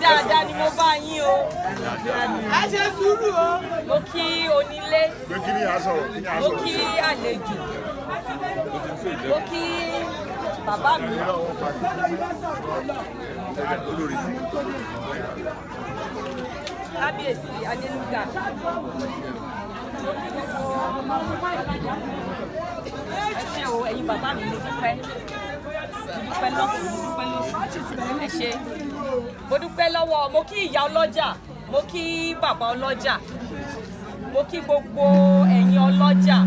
dáadáa ni mo bá yín o. a ṣe sùúrù o. mo kí onílé. mo kí àlejò. mo kí bàbá mi. kábíyèsí adélúgà. ẹ o ẹ̀yin bàbá mi mo dúpẹ́ mo dúpẹ́ lọ́kùnrin mo dúpẹ́ lọ́sùn ẹ ṣé o mo dúpẹ́ lọ́wọ́ mo kí ìyá ọlọ́jà mo kí bàbá ọlọ́jà mo kí gbogbo ẹ̀yin ọlọ́jà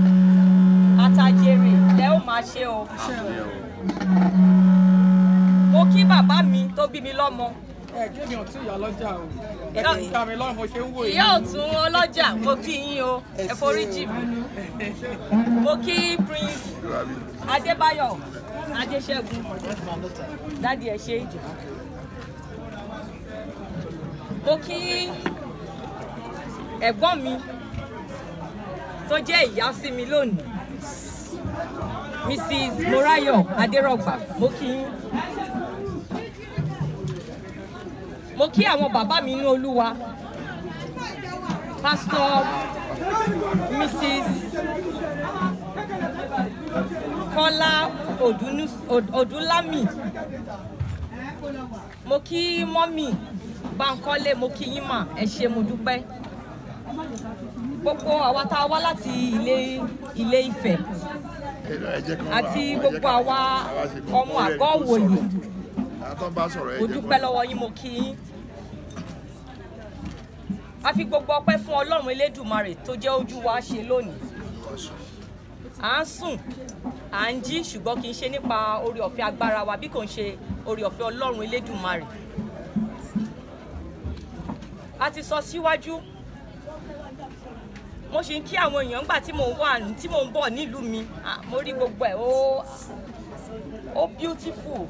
àtàjèrè lẹ́ ò máa ṣe o mo kí bàbá mi tó bí mi lọ́mọ kémi ọ̀tún ìyá ọlọ́jà o ẹ̀kẹ́ ká mi lọ́rùn ṣe ń wò yìí. ìyá ọ̀tún ọlọ́jà mo kí yín o ẹ forí jì mí mo kí prince adébáyọ̀ adéṣẹ́gun dádì ẹ ṣé mo kí ẹ̀gbọ́n mi tó jẹ́ ìyá sí mi lónìí Mrs. Morayo Adérọ̀gbà mo kí yín mo kí àwọn bàbá mi inú Olúwa Pastor Mrs. Kọ́lá Odúnlámì mo kí mọ́mì. Bánkọ́lé mo kí yín mà ẹ ṣe mo dúpẹ́ gbogbo àwa tá a wá láti ilé ilé Ifẹ̀ àti gbogbo àwa ọmọ àgọ́ òwòye mo dúpẹ́ lọ́wọ́ yín mo kí yín a fi gbogbo ọpẹ́ fún Ọlọ́run Elédùmarè tó jẹ́ ojú wa ṣe lónìí à ń sùn à ń jí ṣùgbọ́n kì í ṣe nípa oore ọ̀fẹ́ agbára wa bí kò ń ṣe oore ọ̀fẹ́ Ọlọ́run Elédùmarè a ti sọ síwájú mo ṣì ń kí àwọn èèyàn ńgbà tí mò ń wà tí mò ń bọ̀ nílùú mi mo rí gbogbo ẹ̀ ó beautiful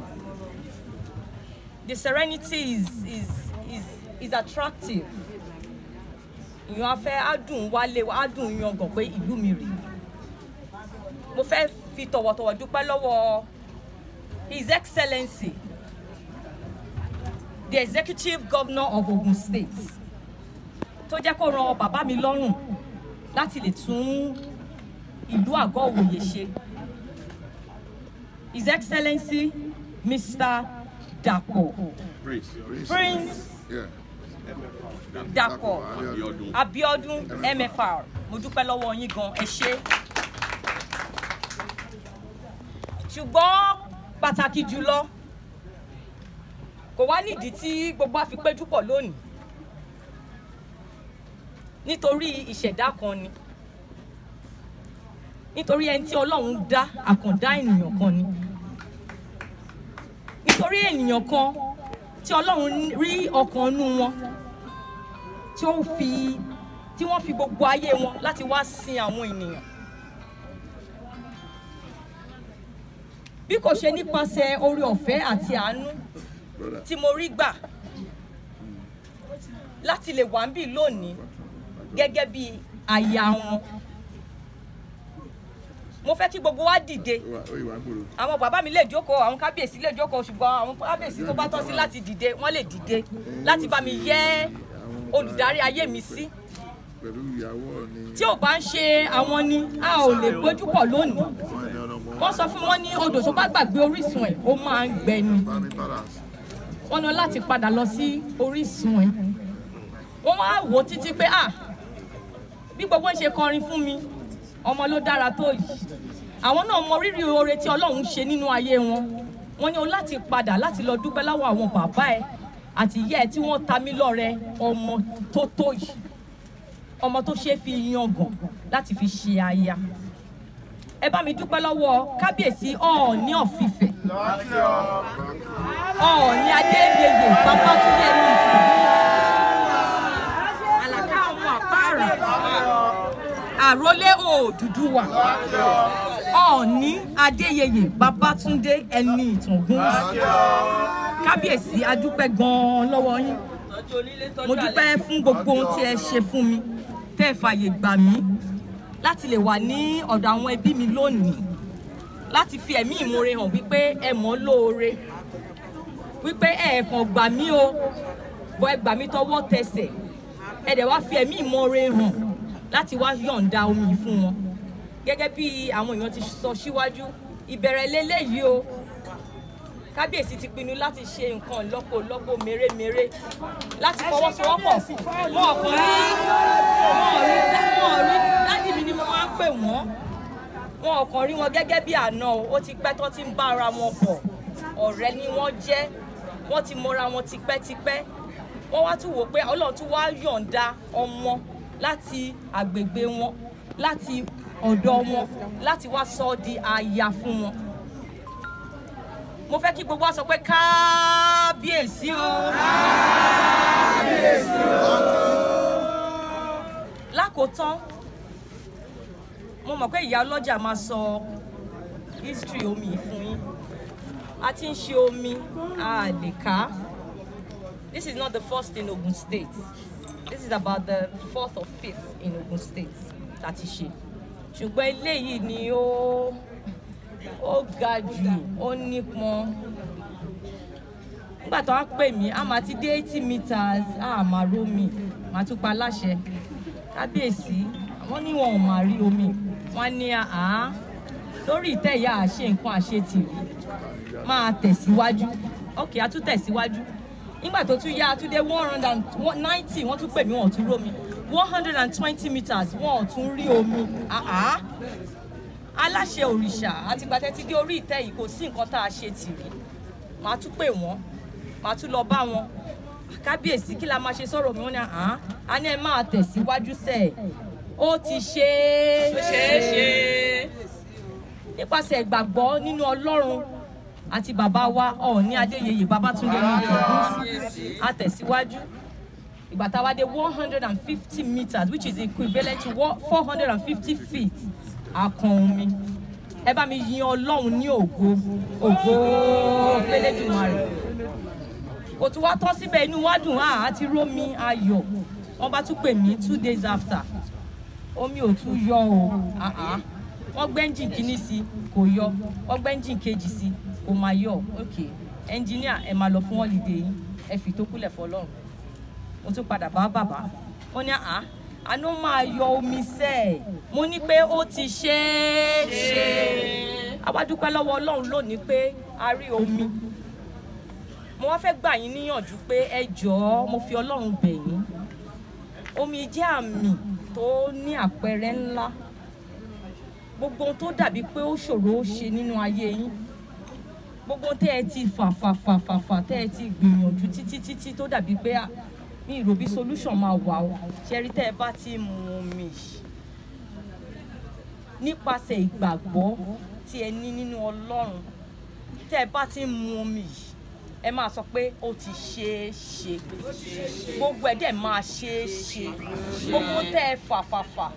the serenity is is is is attractive èèyàn afẹ́ adùn wálé adùn yangàn pé ìlú mi rèé mo fẹ́ fi tọ̀wọ̀tọ̀wọ̀ dúpẹ́ lọ́wọ́ his excellency the executive governor of Ogun State tó jẹ́ kó ran bàbá mi lọ́rùn láti lè tún ìlú àgọ́ òwòye ṣe His Excellency Mr. Dapo Prince, Prince yeah. Abiodun MFR mo dúpẹ́ lọ́wọ́ yín gan ẹ ṣé ṣùgbọ́n pàtàkì jùlọ kò wá nídìí tí gbogbo àfipéjú pọ̀ lónìí nítorí ìṣẹ̀dá kan ni nítorí ẹni tí ọlọ́run dá àkàndá ènìyàn kan ni nítorí ènìyàn kan tí ọlọ́run rí ọkàn inú wọn tí ó fi tí wọ́n fi gbogbo ayé wọn láti wá sin àwọn ènìyàn bí kò ṣe nípasẹ̀ oore ọ̀fẹ́ àti àánú tí mo rí gbà láti lè wà ń bì lónìí gẹ́gẹ́ bí àyà wọn mo fẹ́ kí gbogbo wa dìde àwọn bàbá mi lè jókòó àwọn kábíyèsí lè jókòó ṣùgbọ́n àwọn kábíyèsí tó bá tọ́ sí láti dìde wọ́n lè dìde láti bá mi yẹ olùdarí ayé mi sí tí ò bá ń ṣe àwọn ni a ò lè gbójú pọ̀ lónìí wọ́n sọ fún wọn ní odò tó bá gbàgbé orísun ẹ̀ ó máa ń gbẹ ni wọ́n ní láti padà lọ sí orísun ẹ̀ wọ́n wá wò títí pé ah bí gbogbo ń ṣe kọrin fún mi ọmọ ló dára tó yìí àwọn náà mọ rírì oore tí Ọlọ́run ṣe nínú ayé wọn wọ́n ní o láti padà láti lọ dúpẹ́ láwọ àwọn bàbá ẹ àti ìyá ẹ tí wọ́n ta mí lọ́rẹ ọmọ tó tó yìí ọmọ tó ṣeé fi yangàn láti fi ṣe aya ẹ bá mi dúpẹ́ lọ́wọ́ kábíyèsí ọ̀ọ́ni ọ̀fìfẹ́ ọ̀ọ́ni adéyẹyẹ bàbá tún yẹ ní ìfẹ́. àrólé Odùduwà Ọ̀ọ̀ni Adéyẹyè Babátúndé ẹni ìtàngún kábíyèsí a dúpẹ́ gan-an lọ́wọ́ yín mo dúpẹ́ fún gbogbo ohun tí ẹ ṣe fún mi tẹ́ ẹ fàyè gbà mí láti lè wà ní ọ̀dọ̀ àwọn ẹbí mi lónìí láti fi ẹ̀mí ìmoore hàn wípé ẹ mọ̀ lóore wípé ẹ̀ẹ̀kan gbà mí o bọ́ ẹ gbà mí tọwọ́ tẹsẹ̀ ẹ dẹ̀ wá fi ẹ̀mí ìmoore hàn láti wá yọ̀ǹda omi fún wọn gẹ́gẹ́ bí àwọn èèyàn ti sọ síwájú ìbẹ̀rẹ̀ lélẹ́yìí o kábíyèsí ti pinnu láti ṣe nǹkan lọ́pọ̀lọpọ̀ mèremère láti fọwọ́sowọ́pọ̀ wọn ọ̀kan rí wọn rí dádì mi ni mo máa ń pè wọ́n wọn ọ̀kan rí wọn gẹ́gẹ́ bí àná o ó ti pẹ́ tó ti ń bá ara wọn pọ̀ ọ̀rẹ́ ni wọ́n jẹ́ wọ́n ti mọra wọn tipẹ́tipẹ́ wọ́n wá tún wò pé ọlọ́run tún wá yọ̀ǹda ọmọ láti àgbègbè wọn láti ọ̀dọ̀ wọn láti wá sọ ọ́ di aya fún wọn mo fẹ́ kí gbogbo wa sọ pé kábíyèsí o. kábíyèsí o. lákòótán mo mọ̀ pé ìyá ọlọ́jà máa sọ history omi yìí fún yín a ti ń ṣe omi a lè ká this is not the first in Ogun State this is about the fourth or fifth in Ogun State that is she. ṣùgbọ́n eléyìí ni ó ó ga jù ó nípọn nígbà tó wá pè mí a máa ti dé eighty meters a máa rómi màá tún pa láṣẹ kábíyèsí wọ́n ní wọn ò máa rí omi wọ́n ní àá lórí ìtẹ́ ìyá àṣe nǹkan àṣetì máa tẹ̀síwájú ókè a tún tẹ̀síwájú nígbà tó tún yá túndé one hundred and ninety wọ́n tún pè mí wọ́n tún rómi one hundred and twenty meters wọ́n tún rí omi aláṣẹ òrìṣà àtìgbà tẹ́tí dé orí ìtẹ́ yìí kò sí nǹkan tá a ṣe tìrì màá tún pè wọ́n màá tún lọ bá wọn kábíyèsí kí la máa ṣe sọ̀rọ̀ mi wọ́n ní àá a ní ẹ máa tẹ̀síwájú sẹ́ ẹ̀ ó ti ṣe é ṣe é ṣe é nípasẹ̀ ìgbàgbọ́ nínú ọlọ́run àti bàbá wa ọ̀ọ́ni adéyẹyẹ babatunde olùdókòwòsì àtẹ̀síwájú ìgbà tá a wá dé one hundred and fifty meters which is equivalent to four hundred and fifty feet àkàn omi ẹ bá mi yin ọlọ́run ní ògo ògo fẹ́lẹ́dùmarè kò tún wá tán síbẹ̀ inú wa dùn áà ah, àti rómi ayọ̀ wọ́n bá tún pè mí two days after omi ò tún yọ o ah, ah. wọ́n gbẹ́ńjìn kínní sí kò yọ wọ́n gbẹ́ńjìn kejì sí o máa yọ ok ẹnjìníà ẹ máa lọ fún holiday yín ẹ fi tó kúlẹ̀ fọlọ́run mo tún padà bá bàbá wọn ní àá àná máa yọ omi sẹ́ ẹ̀ mo ní pé ó ti ṣe é ṣe àwa dúpẹ́ lọ́wọ́ ọlọ́run lónìí pé a rí omi mo wá fẹ́ gbà yín níyànjú pé ẹ jọ̀ọ́ mo fi ọlọ́run bẹ̀ yín omi jẹ́ àmì tó ní àpẹẹrẹ ńlá gbogbo ohun tó dàbí pé ó ṣòro ó ṣe nínú ayé yín gbogbo tẹ́ ẹ ti fà fà fà fà fà tẹ́ ẹ ti gbìyànjú títí títí tó dàbí pé mi ìrò bí solution máa wà o ṣẹ́rí tẹ́ ẹ bá ti mú mi nípasẹ̀ ìgbàgbọ́ tí ẹ ní nínú Ọlọ́run tẹ́ ẹ bá ti mú omi yìí ẹ máa sọ pé ó ti ṣeé ṣe gbogbo ẹ̀ dẹ̀ máa ṣeé ṣe gbogbo tẹ́ ẹ fàfàfà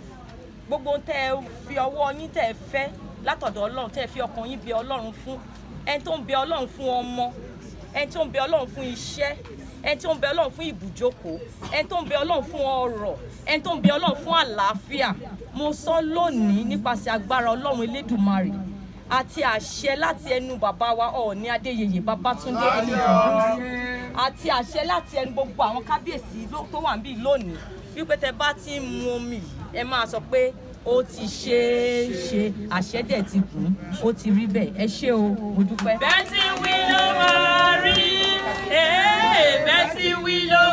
gbogbo tẹ́ ẹ fi ọwọ́ yín tẹ́ ẹ fẹ́ látọ̀dọ̀ Ọlọ́run tẹ́ ẹ fi ọkàn yín bí Ọlọ́run fún ẹni tó ń bẹ ọlọ́run fún ọmọ ẹni tó ń bẹ ọlọ́run fún iṣẹ́ ẹni tó ń bẹ ọlọ́run fún ibùjókòó ẹni tó ń bẹ ọlọ́run fún ọrọ̀ ẹni tó ń bẹ ọlọ́run fún àlàáfíà mo sọ lónìí nípasẹ̀ agbára ọlọ́run elédùnmarè àti àṣẹ láti ẹnu bàbá wa ọ̀ọ́ni adéyẹyẹ babátúndé ẹnìdọ̀dún àti àṣẹ láti ẹnu gbogbo àwọn kábíyèsí tó wà níbí lónìí wípé tẹ bá ti ń mu omi ẹ máa sọ pé ó ti ṣe é ṣe àṣẹ́dẹ̀ ti kù ó ti rí bẹ́ẹ̀ ẹ ṣé o mo dúpẹ́. bẹ́ẹ̀ ti wí ló máa rí bẹ́ẹ̀ ti wí ló